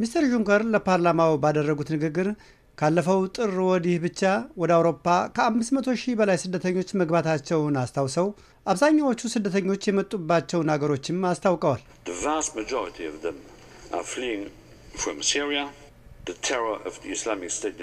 ሚስተር ጁንከር ለፓርላማው ባደረጉት ንግግር ካለፈው ጥር ወዲህ ብቻ ወደ አውሮፓ ከ500 ሺህ በላይ ስደተኞች መግባታቸውን አስታውሰው አብዛኛዎቹ ስደተኞች የመጡባቸውን አገሮችም አስታውቀዋል። the terror of the Islamic State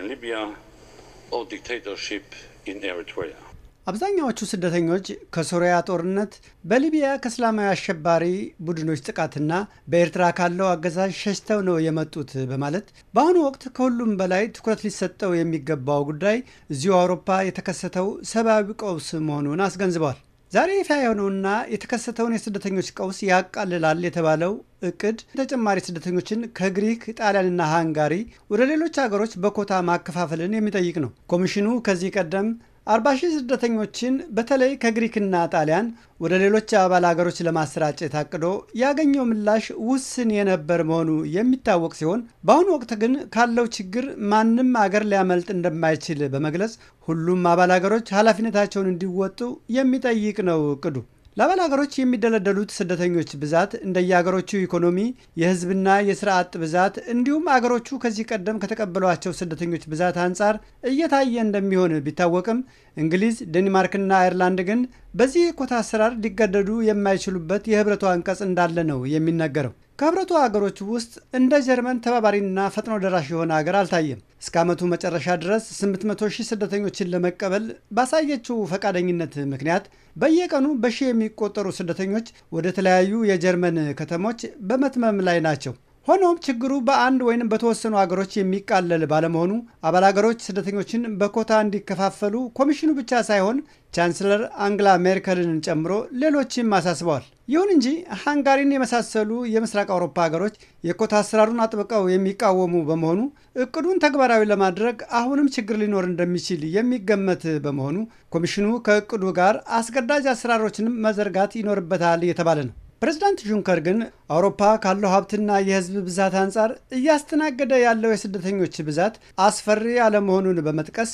አብዛኛዎቹ ስደተኞች ከሶሪያ ጦርነት፣ በሊቢያ ከእስላማዊ አሸባሪ ቡድኖች ጥቃትና በኤርትራ ካለው አገዛዝ ሸሽተው ነው የመጡት በማለት በአሁኑ ወቅት ከሁሉም በላይ ትኩረት ሊሰጠው የሚገባው ጉዳይ እዚሁ አውሮፓ የተከሰተው ሰብአዊ ቀውስ መሆኑን አስገንዝበዋል። ዛሬ ይፋ የሆነውና የተከሰተውን የስደተኞች ቀውስ ያቃልላል የተባለው እቅድ ተጨማሪ ስደተኞችን ከግሪክ ጣሊያንና ሃንጋሪ ወደ ሌሎች ሀገሮች በኮታ ማከፋፈልን የሚጠይቅ ነው። ኮሚሽኑ ከዚህ ቀደም አርባ ሺህ ስደተኞችን በተለይ ከግሪክና ጣሊያን ወደ ሌሎች አባል አገሮች ለማሰራጨት ታቅዶ ያገኘው ምላሽ ውስን የነበር መሆኑ የሚታወቅ ሲሆን በአሁኑ ወቅት ግን ካለው ችግር ማንም አገር ሊያመልጥ እንደማይችል በመግለጽ ሁሉም አባል አገሮች ኃላፊነታቸውን እንዲወጡ የሚጠይቅ ነው እቅዱ። ለአባል ሀገሮች የሚደለደሉት ስደተኞች ብዛት እንደየሀገሮቹ ኢኮኖሚ፣ የህዝብና የስራ አጥ ብዛት እንዲሁም አገሮቹ ከዚህ ቀደም ከተቀበሏቸው ስደተኞች ብዛት አንጻር እየታየ እንደሚሆን ቢታወቅም እንግሊዝ፣ ዴንማርክና አይርላንድ ግን በዚህ ኮታ አሰራር ሊገደዱ የማይችሉበት የህብረቱ አንቀጽ እንዳለ ነው የሚነገረው። ከህብረቱ ሀገሮች ውስጥ እንደ ጀርመን ተባባሪና ፈጥኖ ደራሽ የሆነ ሀገር አልታየም። እስከ ዓመቱ መጨረሻ ድረስ 800 ሺህ ስደተኞችን ለመቀበል ባሳየችው ፈቃደኝነት ምክንያት በየቀኑ በሺህ የሚቆጠሩ ስደተኞች ወደ ተለያዩ የጀርመን ከተሞች በመትመም ላይ ናቸው። ሆኖም ችግሩ በአንድ ወይም በተወሰኑ ሀገሮች የሚቃለል ባለመሆኑ አባል ሀገሮች ስደተኞችን በኮታ እንዲከፋፈሉ ኮሚሽኑ ብቻ ሳይሆን ቻንስለር አንግላ ሜርከልን ጨምሮ ሌሎችም አሳስበዋል። ይሁን እንጂ ሃንጋሪን የመሳሰሉ የምስራቅ አውሮፓ ሀገሮች የኮታ አሰራሩን አጥብቀው የሚቃወሙ በመሆኑ እቅዱን ተግባራዊ ለማድረግ አሁንም ችግር ሊኖር እንደሚችል የሚገመት በመሆኑ ኮሚሽኑ ከእቅዱ ጋር አስገዳጅ አሰራሮችንም መዘርጋት ይኖርበታል እየተባለ ነው። ፕሬዚዳንት ጁንከር ግን አውሮፓ ካለው ሀብትና የሕዝብ ብዛት አንጻር እያስተናገደ ያለው የስደተኞች ብዛት አስፈሪ አለመሆኑን በመጥቀስ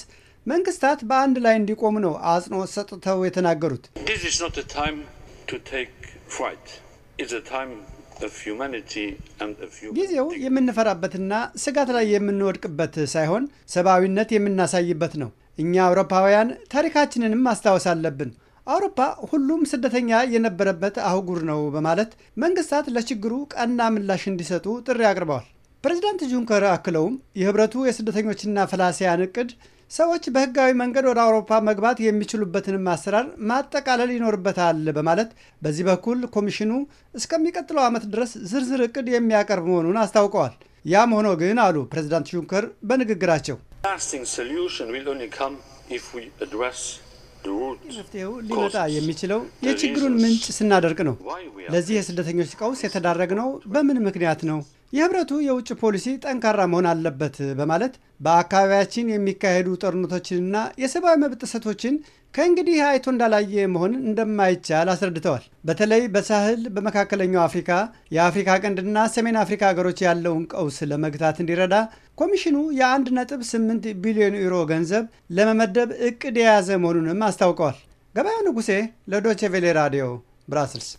መንግስታት በአንድ ላይ እንዲቆሙ ነው አጽንኦት ሰጥተው የተናገሩት። ጊዜው የምንፈራበትና ስጋት ላይ የምንወድቅበት ሳይሆን ሰብአዊነት የምናሳይበት ነው። እኛ አውሮፓውያን ታሪካችንንም ማስታወስ አለብን። አውሮፓ ሁሉም ስደተኛ የነበረበት አህጉር ነው በማለት መንግስታት ለችግሩ ቀና ምላሽ እንዲሰጡ ጥሪ አቅርበዋል። ፕሬዚዳንት ጁንከር አክለውም የህብረቱ የስደተኞችና ፈላሲያን እቅድ ሰዎች በህጋዊ መንገድ ወደ አውሮፓ መግባት የሚችሉበትንም አሰራር ማጠቃለል ይኖርበታል በማለት በዚህ በኩል ኮሚሽኑ እስከሚቀጥለው ዓመት ድረስ ዝርዝር እቅድ የሚያቀርብ መሆኑን አስታውቀዋል። ያም ሆኖ ግን አሉ ፕሬዚዳንት ጁንከር በንግግራቸው መፍትሄው ሊመጣ የሚችለው የችግሩን ምንጭ ስናደርቅ ነው። ለዚህ የስደተኞች ቀውስ የተዳረግነው በምን ምክንያት ነው? የህብረቱ የውጭ ፖሊሲ ጠንካራ መሆን አለበት በማለት በአካባቢያችን የሚካሄዱ ጦርነቶችንና የሰብአዊ መብት ጥሰቶችን ከእንግዲህ አይቶ እንዳላየ መሆን እንደማይቻል አስረድተዋል። በተለይ በሳህል፣ በመካከለኛው አፍሪካ፣ የአፍሪካ ቀንድና ሰሜን አፍሪካ ሀገሮች ያለውን ቀውስ ለመግታት እንዲረዳ ኮሚሽኑ የ1.8 ቢሊዮን ዩሮ ገንዘብ ለመመደብ እቅድ የያዘ መሆኑንም አስታውቀዋል። ገበያው ንጉሴ ለዶቼ ቬሌ ራዲዮ ብራስልስ